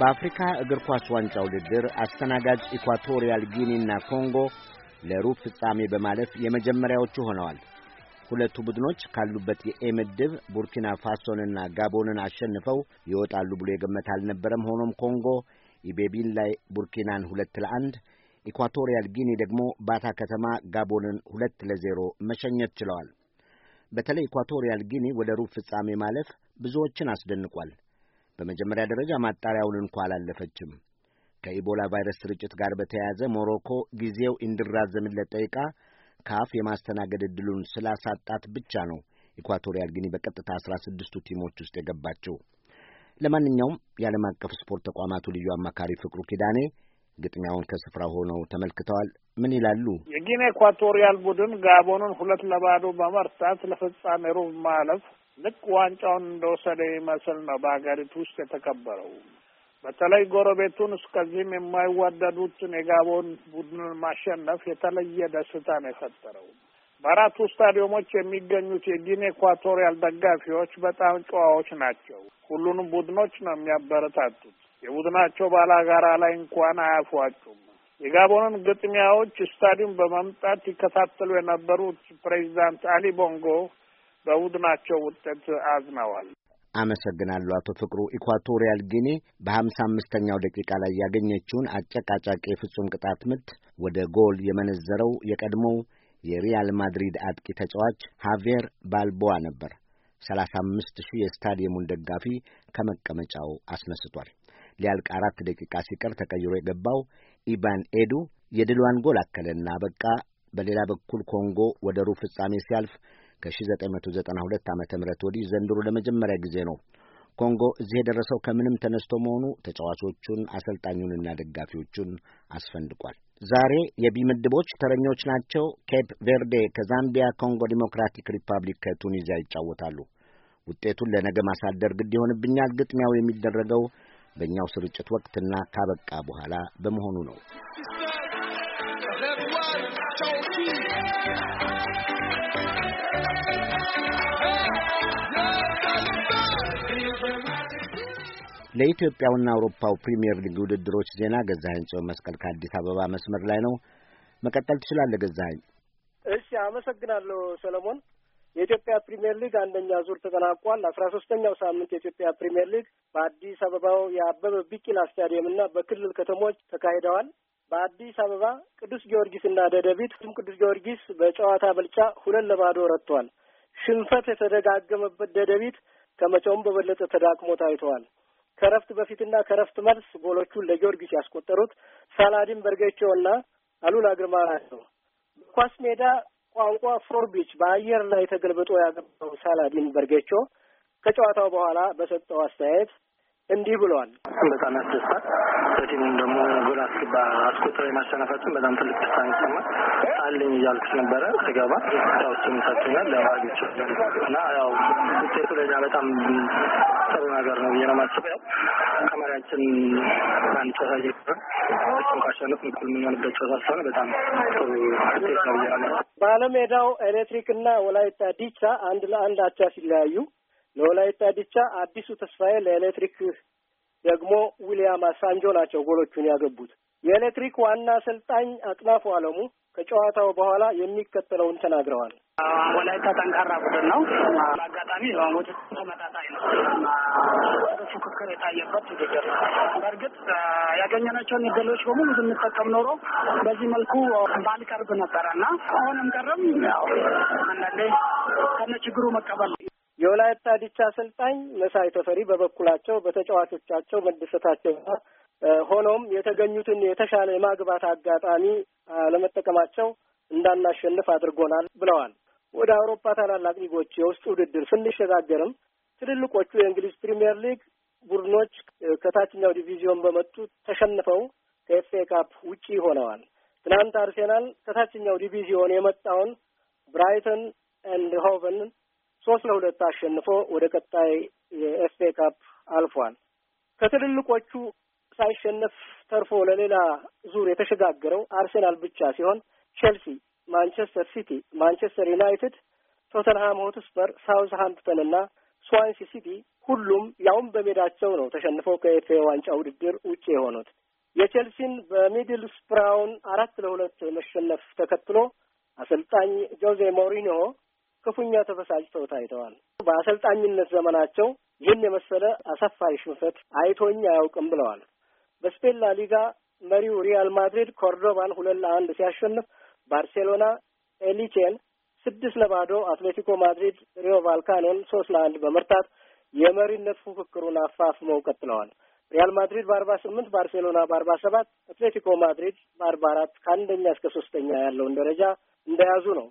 በአፍሪካ እግር ኳስ ዋንጫ ውድድር አስተናጋጅ ኢኳቶሪያል ጊኒና ኮንጎ ለሩብ ፍጻሜ በማለፍ የመጀመሪያዎቹ ሆነዋል። ሁለቱ ቡድኖች ካሉበት የኤ ምድብ ቡርኪና ፋሶንና ጋቦንን አሸንፈው ይወጣሉ ብሎ የገመት አልነበረም። ሆኖም ኮንጎ ኢቤቢን ላይ ቡርኪናን ሁለት ለአንድ፣ ኢኳቶሪያል ጊኒ ደግሞ ባታ ከተማ ጋቦንን ሁለት ለዜሮ መሸኘት ችለዋል። በተለይ ኢኳቶሪያል ጊኒ ወደ ሩብ ፍጻሜ ማለፍ ብዙዎችን አስደንቋል። በመጀመሪያ ደረጃ ማጣሪያውን እንኳ አላለፈችም። ከኢቦላ ቫይረስ ስርጭት ጋር በተያያዘ ሞሮኮ ጊዜው እንዲራዘምለት ጠይቃ ካፍ የማስተናገድ ዕድሉን ስላሳጣት ብቻ ነው ኢኳቶሪያል ጊኒ በቀጥታ አስራ ስድስቱ ቲሞች ውስጥ የገባቸው። ለማንኛውም የዓለም አቀፍ ስፖርት ተቋማቱ ልዩ አማካሪ ፍቅሩ ኪዳኔ ግጥሚያውን ከስፍራ ሆነው ተመልክተዋል። ምን ይላሉ? የጊኒ ኢኳቶሪያል ቡድን ጋቦኑን ሁለት ለባዶ በመርታት ለፍጻሜ ሩብ ማለፍ ልክ ዋንጫውን እንደወሰደ ይመስል ነው በሀገሪቱ ውስጥ የተከበረው። በተለይ ጎረቤቱን እስከዚህም የማይዋደዱትን የጋቦን ቡድንን ማሸነፍ የተለየ ደስታ ነው የፈጠረው። በአራቱ ስታዲዮሞች የሚገኙት የጊኔ ኢኳቶሪያል ደጋፊዎች በጣም ጨዋዎች ናቸው። ሁሉንም ቡድኖች ነው የሚያበረታቱት። የቡድናቸው ባላጋራ ላይ እንኳን አያፏጩም። የጋቦንን ግጥሚያዎች ስታዲየም በመምጣት ይከታተሉ የነበሩት ፕሬዚዳንት አሊ ቦንጎ በቡድናቸው ውጤት አዝነዋል። አመሰግናለሁ አቶ ፍቅሩ። ኢኳቶሪያል ጊኒ በሀምሳ አምስተኛው ደቂቃ ላይ ያገኘችውን አጨቃጫቂ የፍጹም ቅጣት ምት ወደ ጎል የመነዘረው የቀድሞው የሪያል ማድሪድ አጥቂ ተጫዋች ሃቬር ባልቦዋ ነበር። ሰላሳ አምስት ሺህ የስታዲየሙን ደጋፊ ከመቀመጫው አስነስቷል። ሊያልቅ አራት ደቂቃ ሲቀር ተቀይሮ የገባው ኢቫን ኤዱ የድሏን ጎል አከለና በቃ። በሌላ በኩል ኮንጎ ወደ ሩብ ፍጻሜ ሲያልፍ ከ1992 ዓ ም ወዲህ ዘንድሮ ለመጀመሪያ ጊዜ ነው ኮንጎ እዚህ የደረሰው ከምንም ተነስቶ መሆኑ ተጫዋቾቹን አሰልጣኙንና ደጋፊዎቹን አስፈንድቋል። ዛሬ የቢ ምድቦች ተረኞች ናቸው። ኬፕ ቬርዴ ከዛምቢያ፣ ኮንጎ ዲሞክራቲክ ሪፐብሊክ ከቱኒዚያ ይጫወታሉ። ውጤቱን ለነገ ማሳደር ግድ ይሆንብኛል። ግጥሚያው የሚደረገው በእኛው ስርጭት ወቅትና ካበቃ በኋላ በመሆኑ ነው። ለኢትዮጵያውና አውሮፓው ፕሪምየር ሊግ ውድድሮች ዜና ገዛኸኝ ጽዮን መስቀል ከአዲስ አበባ መስመር ላይ ነው። መቀጠል ትችላለህ ገዛኸኝ። እሺ፣ አመሰግናለሁ ሰለሞን። የኢትዮጵያ ፕሪምየር ሊግ አንደኛ ዙር ተጠናቋል። አስራ ሶስተኛው ሳምንት የኢትዮጵያ ፕሪምየር ሊግ በአዲስ አበባው የአበበ ቢቂላ ስታዲየም እና በክልል ከተሞች ተካሂደዋል። በአዲስ አበባ ቅዱስ ጊዮርጊስ እና ደደቢት ቅዱስ ጊዮርጊስ በጨዋታ ብልጫ ሁለት ለባዶ ረትቷል። ሽንፈት የተደጋገመበት ደደቢት ከመቼውም በበለጠ ተዳክሞ ታይተዋል። ከረፍት በፊትና ከረፍት መልስ ጎሎቹን ለጊዮርጊስ ያስቆጠሩት ሳላዲን እና አሉላ ግርማ ናቸው። በኳስ ሜዳ ቋንቋ ፎርቢች በአየር ላይ ተገልብጦ ያገባው ሳላዲን በርጌቾ ከጨዋታው በኋላ በሰጠው አስተያየት እንዲህ ብለዋል። በጣም ያስደስታል። በቲም ደግሞ ጎል አስገባ አስቆጥሮ የማሸነፋችን በጣም ትልቅ ደስታ ይሰማል። አለኝ እያልኩት ነበረ ስገባ ታዎችም ሰጥኛል ለማግኘት እና ያው ውጤቱ ለኛ በጣም ጥሩ ነገር ነው ብዬ ነው የማስበው። ያው ከመሪያችን አንድ ጨዋታ እየቀረን እሱን ካሸነፍን እኩል የምንሆንበት ጨዋታ ስለሆነ በጣም ጥሩ ውጤት ነው ብዬ ነው የማስበው። ባለሜዳው ኤሌክትሪክ እና ወላይታ ዲቻ አንድ ለአንድ አቻ ሲለያዩ ለወላይታ ዲቻ አዲሱ ተስፋዬ፣ ለኤሌክትሪክ ደግሞ ዊልያም አሳንጆ ናቸው ጎሎቹን ያገቡት። የኤሌክትሪክ ዋና አሰልጣኝ አጥናፉ አለሙ ከጨዋታው በኋላ የሚከተለውን ተናግረዋል። ወላይታ ጠንካራ ቡድን ነው። በአጋጣሚ ወደ ተመጣጣኝ ነው። ፉክክር የታየበት ውድድር ነው። በእርግጥ ያገኘናቸውን እድሎች በሙሉ ብንጠቀም ኖሮ በዚህ መልኩ ባልቀርብ ነበረ እና አሁንም ቀረም ያው አንዳንዴ ከነ ችግሩ መቀበል ነው። የወላይታ ዲቻ አሰልጣኝ መሳይ ተፈሪ በበኩላቸው በተጫዋቾቻቸው መደሰታቸውና ሆኖም የተገኙትን የተሻለ የማግባት አጋጣሚ ለመጠቀማቸው እንዳናሸንፍ አድርጎናል ብለዋል። ወደ አውሮፓ ታላላቅ ሊጎች የውስጥ ውድድር ስንሸጋገርም ትልልቆቹ የእንግሊዝ ፕሪምየር ሊግ ቡድኖች ከታችኛው ዲቪዚዮን በመጡ ተሸንፈው ከኤፍኤ ካፕ ውጪ ሆነዋል። ትናንት አርሴናል ከታችኛው ዲቪዚዮን የመጣውን ብራይተን ኤንድ ሆቨን ሶስት ለሁለት አሸንፎ ወደ ቀጣይ የኤፍኤ ካፕ አልፏል። ከትልልቆቹ ሳይሸነፍ ተርፎ ለሌላ ዙር የተሸጋገረው አርሴናል ብቻ ሲሆን ቼልሲ፣ ማንቸስተር ሲቲ፣ ማንቸስተር ዩናይትድ፣ ቶተንሃም ሆትስፐር፣ ሃምፕተን እና ስዋንሲ ሲቲ ሁሉም ያውም በሜዳቸው ነው ተሸንፈው ከኤፍኤ ዋንጫ ውድድር ውጭ የሆኑት። የቼልሲን በሚድልስፕራውን አራት ለሁለት መሸነፍ ተከትሎ አሰልጣኝ ጆዜ ሞሪኒዮ ክፉኛ ተበሳጭተው ታይተዋል። በአሰልጣኝነት ዘመናቸው ይህን የመሰለ አሰፋሪ ሽንፈት አይቶኝ አያውቅም ብለዋል። በስፔን ላ ሊጋ መሪው ሪያል ማድሪድ ኮርዶባን ሁለት ለአንድ ሲያሸንፍ ባርሴሎና ኤሊቼን ስድስት ለባዶ፣ አትሌቲኮ ማድሪድ ሪዮ ቫልካኖን ሶስት ለአንድ በመርታት የመሪነት ፉክክሩን አፋፍመው ቀጥለዋል። ሪያል ማድሪድ በአርባ ስምንት ባርሴሎና በአርባ ሰባት አትሌቲኮ ማድሪድ በአርባ አራት ከአንደኛ እስከ ሶስተኛ ያለውን ደረጃ እንደያዙ ነው።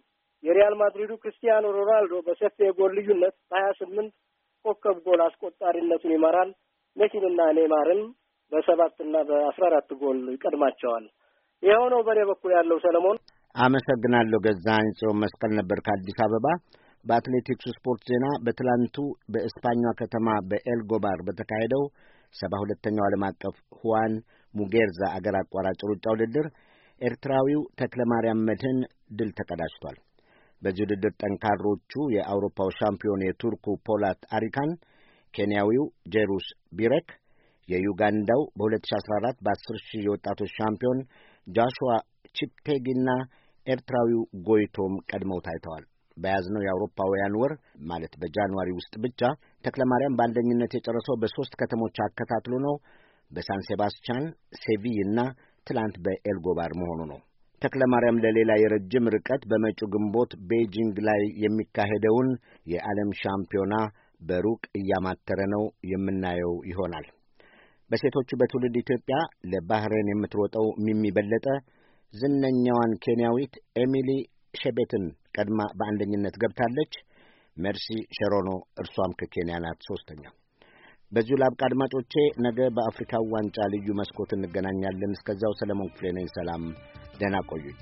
የሪያል ማድሪዱ ክርስቲያኖ ሮናልዶ በሰፊ የጎል ልዩነት በሀያ ስምንት ኮከብ ጎል አስቆጣሪነቱን ይመራል። ሜሲንና ኔማርን በሰባትና በአስራ አራት ጎል ይቀድማቸዋል። የሆነው በእኔ በኩል ያለው ሰለሞን አመሰግናለሁ። ገዛ ጽዮን መስቀል ነበር ከአዲስ አበባ። በአትሌቲክሱ ስፖርት ዜና በትላንቱ በእስፓኛ ከተማ በኤልጎባር በተካሄደው ሰባ ሁለተኛው ዓለም አቀፍ ሁዋን ሙጌርዛ አገር አቋራጭ ሩጫ ውድድር ኤርትራዊው ተክለ ማርያም መድህን ድል ተቀዳጅቷል። በዚህ ውድድር ጠንካሮቹ የአውሮፓው ሻምፒዮን የቱርኩ ፖላት አሪካን፣ ኬንያዊው ጄሩስ ቢሬክ፣ የዩጋንዳው በ2014 በ10 ሺህ የወጣቶች ሻምፒዮን ጃሽዋ ቺፕቴጊና ኤርትራዊው ጎይቶም ቀድመው ታይተዋል። በያዝነው የአውሮፓውያን ወር ማለት በጃንዋሪ ውስጥ ብቻ ተክለማርያም በአንደኝነት የጨረሰው በሦስት ከተሞች አከታትሎ ነው። በሳን ሴቪይ እና ትላንት በኤልጎባር መሆኑ ነው። ተክለ ማርያም ለሌላ የረጅም ርቀት በመጪው ግንቦት ቤጂንግ ላይ የሚካሄደውን የዓለም ሻምፒዮና በሩቅ እያማተረ ነው የምናየው ይሆናል። በሴቶቹ በትውልድ ኢትዮጵያ ለባህሬን የምትሮጠው ሚሚ በለጠ ዝነኛዋን ኬንያዊት ኤሚሊ ሼቤትን ቀድማ በአንደኝነት ገብታለች። ሜርሲ ሸሮኖ እርሷም ከኬንያ ናት ሦስተኛው። በዚሁ ላብቅ አድማጮቼ፣ ነገ በአፍሪካው ዋንጫ ልዩ መስኮት እንገናኛለን። እስከዚያው ሰለሞን ክፍሌ ነኝ። ሰላም፣ ደህና ቆዩኝ።